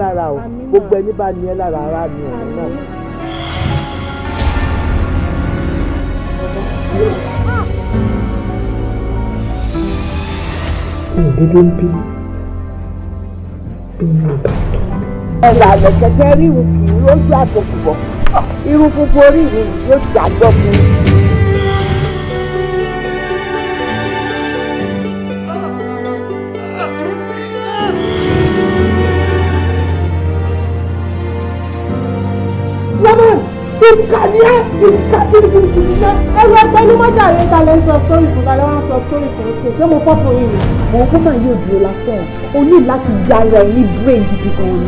lára o gbogbo ẹni bá ní ẹ lára ara ni ọ̀rọ̀ náà. ìdílé ń bí bí ní ọba. ẹ̀rọ àlọ́ kẹ̀kẹ́ ríru kì í lójú àtọkùbọ̀ irun funfun orí mi yóò ti àjọkùn. ìkànnì ẹ ìkànnì ìdìbò ẹrù ẹgbẹ́ ní mọ́jà rẹ̀ talẹ̀ ń sọ sórí fún talẹ̀ wọn sọ sórí fún ṣe ṣé mo fọ́ fún yìí. mo kó máa yóò dúró lásán o ní láti ya ara ẹ ní brain gidi gan ni.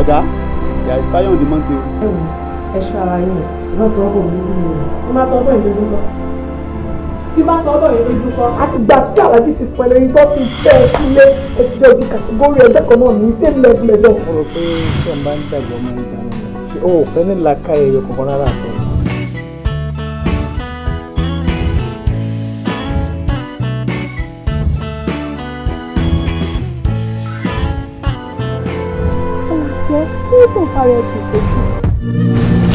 ọ̀dà ìyá ìsáyọ̀ ọ̀dì mọ́tò. ẹ ṣọ́ ara yín lọ́tọ̀ọ́ bò ní ìlú rẹ̀ ẹ má tọ́ bẹ́ẹ̀ lórí lọ tí bá sọ ọ́dọ̀ yẹn lójú kọ́. àtìgbà tí alájí ti pẹ̀lú ẹni tó ti fẹ́ ẹ sílé ẹtì ojú kàtígórì ẹgbẹ́ kan náà ní same level ẹjọ́. mo rò pé ṣé n bá ń dàgbà ọmọ ìgbà mi ò fẹ́ ní làákà ẹ̀yọ kankan rárá àtọ́. ǹjẹ́ kí ló ń parẹ́ ti ṣe